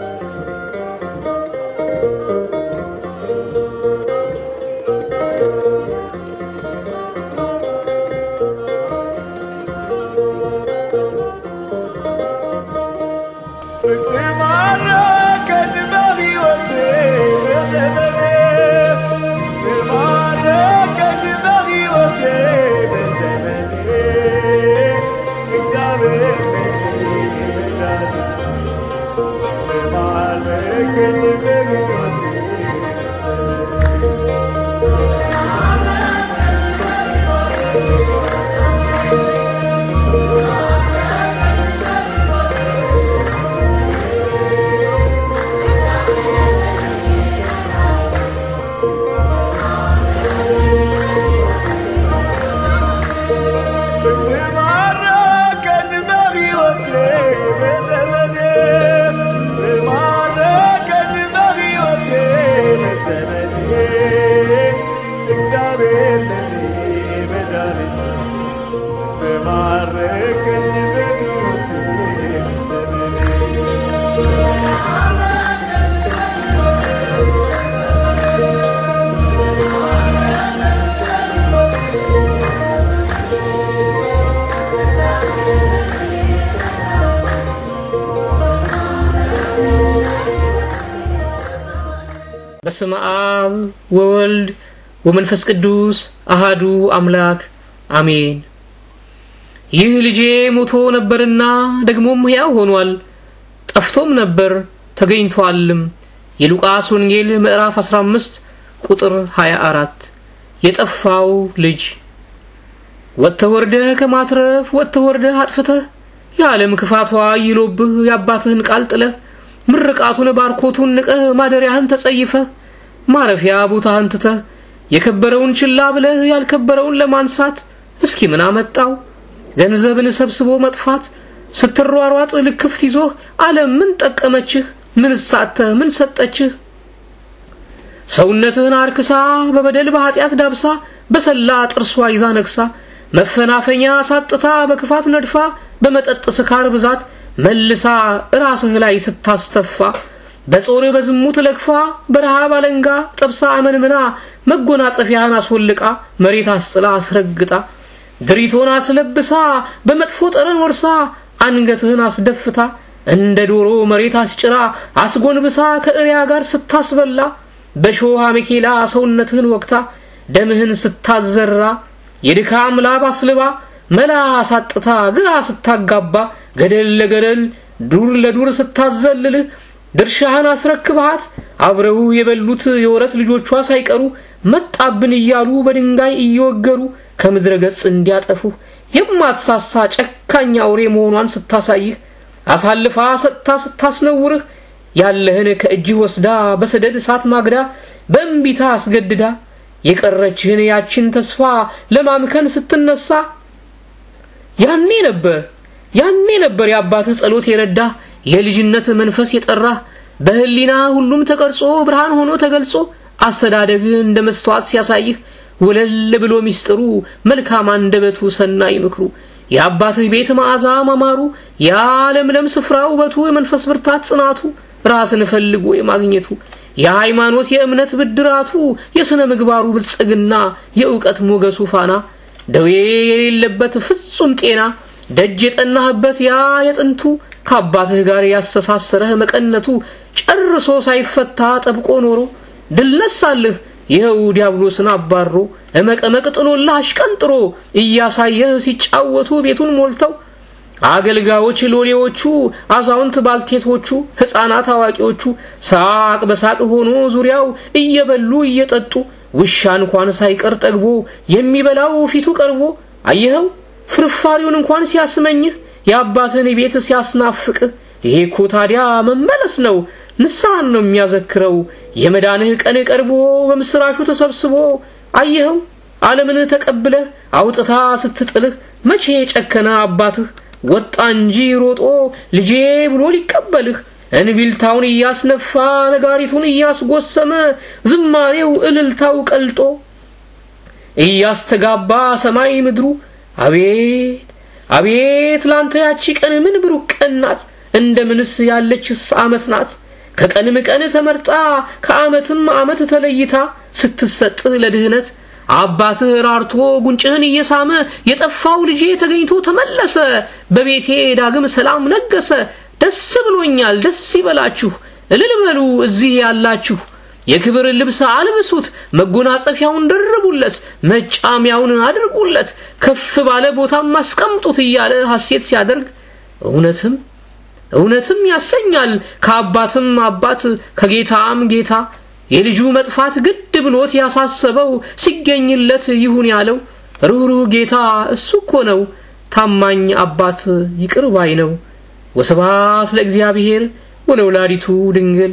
Thank you. وما راك دماغي وتليبر በስመ አብ ወወልድ ወመንፈስ ቅዱስ አሃዱ አምላክ አሜን። ይህ ልጄ ሞቶ ነበርና ደግሞም ሕያው ሆኗል፣ ጠፍቶም ነበር ተገኝቷልም። የሉቃስ ወንጌል ምዕራፍ 15 ቁጥር 24 የጠፋው ልጅ ወጥተህ ወርደህ ከማትረፍ ወጥተህ ወርደህ አጥፍተህ የዓለም ክፋቷ ይሎብህ የአባትህን ቃል ጥለህ ምርቃቱን ባርኮቱን ንቀህ ማደሪያህን ተጸይፈህ ማረፊያ ቦታ አንተተ የከበረውን ችላ ብለህ ያልከበረውን ለማንሳት እስኪ ምን አመጣው? ገንዘብን ሰብስቦ መጥፋት፣ ስትሯሯጥ ልክፍት ይዞህ ዓለም ምን ጠቀመችህ? ምን ሳተህ? ምን ሰጠችህ? ሰውነትህን አርክሳ በበደል በኃጢአት ዳብሳ በሰላ ጥርሷ ይዛ ነግሳ መፈናፈኛ ሳጥታ በክፋት ነድፋ በመጠጥ ስካር ብዛት መልሳ ራስህ ላይ ስታስተፋ በጾር በዝሙት ለግፋ በረሃብ አለንጋ ጥብሳ አመንምና መጎናጸፊያን አስወልቃ መሬት አስጥላ አስረግጣ ድሪቶን አስለብሳ በመጥፎ ጠረን ወርሳ አንገትህን አስደፍታ እንደ ዶሮ መሬት አስጭራ አስጎንብሳ ከእሪያ ጋር ስታስበላ በሾሃ መኬላ ሰውነትህን ወቅታ ደምህን ስታዘራ የድካም ላብ አስልባ መላ አሳጥታ ግራ ስታጋባ ገደል ለገደል ዱር ለዱር ስታዘልልህ ድርሻህን አስረክብሃት አብረው የበሉት የወረት ልጆቿ ሳይቀሩ መጣብን እያሉ በድንጋይ እየወገሩ ከምድረ ገጽ እንዲያጠፉህ የማትሳሳ ጨካኝ አውሬ መሆኗን ስታሳይህ አሳልፋ ሰጥታ ስታስነውርህ ያለህን ከእጅህ ወስዳ በሰደድ እሳት ማግዳ በእምቢታ አስገድዳ የቀረችህን ያችን ተስፋ ለማምከን ስትነሳ ያኔ ነበር ያኔ ነበር የአባትህ ጸሎት የረዳህ የልጅነት መንፈስ የጠራህ በህሊና ሁሉም ተቀርጾ ብርሃን ሆኖ ተገልጾ አስተዳደግህ እንደ መስተዋት ሲያሳይህ ወለል ብሎ ሚስጥሩ መልካም አንደበቱ ሰናይ ምክሩ የአባትህ ቤት መዓዛ ማማሩ የዓለምለም ስፍራ ውበቱ የመንፈስ ብርታት ጽናቱ ራስን ፈልጎ የማግኘቱ የሃይማኖት የእምነት ብድራቱ የሥነ ምግባሩ ብልጽግና የእውቀት ሞገሱ ፋና ደዌ የሌለበት ፍጹም ጤና ደጅ የጠናህበት ያ የጥንቱ ከአባትህ ጋር ያስተሳሰረህ መቀነቱ ጨርሶ ሳይፈታ ጠብቆ ኖሮ ድል ነሳልህ። ይኸው ዲያብሎስን አባሮ ለመቀመቅ ጥሎልህ አሽቀንጥሮ እያሳየህ ሲጫወቱ ቤቱን ሞልተው አገልጋዮች ሎሌዎቹ፣ አዛውንት ባልቴቶቹ፣ ሕፃናት አዋቂዎቹ ሳቅ በሳቅ ሆኖ ዙሪያው እየበሉ እየጠጡ ውሻ እንኳን ሳይቀር ጠግቦ የሚበላው ፊቱ ቀርቦ አየኸው ፍርፋሪውን እንኳን ሲያስመኝህ የአባትን ቤት ሲያስናፍቅህ ይሄ እኮ ታዲያ መመለስ ነው፣ ንስሐን ነው የሚያዘክረው። የመዳንህ ቀን ቀርቦ በምስራቹ ተሰብስቦ አየኸው፣ ዓለምን ተቀብለህ አውጥታ ስትጥልህ መቼ ጨከነ አባትህ? ወጣ እንጂ ሮጦ ልጄ ብሎ ሊቀበልህ እንቢልታውን እያስነፋ ነጋሪቱን እያስጎሰመ ዝማሬው እልልታው ቀልጦ እያስተጋባ ሰማይ ምድሩ አቤት አቤት ላንተ ያቺ ቀን ምን ብሩክ ቀን ናት! እንደምንስ ያለችስ አመት ናት! ከቀንም ቀን ተመርጣ ከአመትም አመት ተለይታ ስትሰጥ ለድህነት አባትህ ራርቶ ጉንጭህን እየሳመ የጠፋው ልጄ ተገኝቶ ተመለሰ፣ በቤቴ ዳግም ሰላም ነገሰ። ደስ ብሎኛል፣ ደስ ይበላችሁ፣ እልል በሉ እዚህ ያላችሁ የክብር ልብስ አልብሱት፣ መጎናጸፊያውን ደርቡለት፣ መጫሚያውን አድርጉለት፣ ከፍ ባለ ቦታም አስቀምጡት እያለ ሐሴት ሲያደርግ እውነትም እውነትም ያሰኛል። ከአባትም አባት ከጌታም ጌታ የልጁ መጥፋት ግድ ብሎት ያሳሰበው ሲገኝለት ይሁን ያለው ሩህሩህ ጌታ እሱ እኮ ነው። ታማኝ አባት ይቅር ባይ ነው። ወስብሐት ለእግዚአብሔር ወለወላዲቱ ድንግል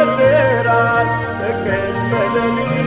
ይመረምራል በቀን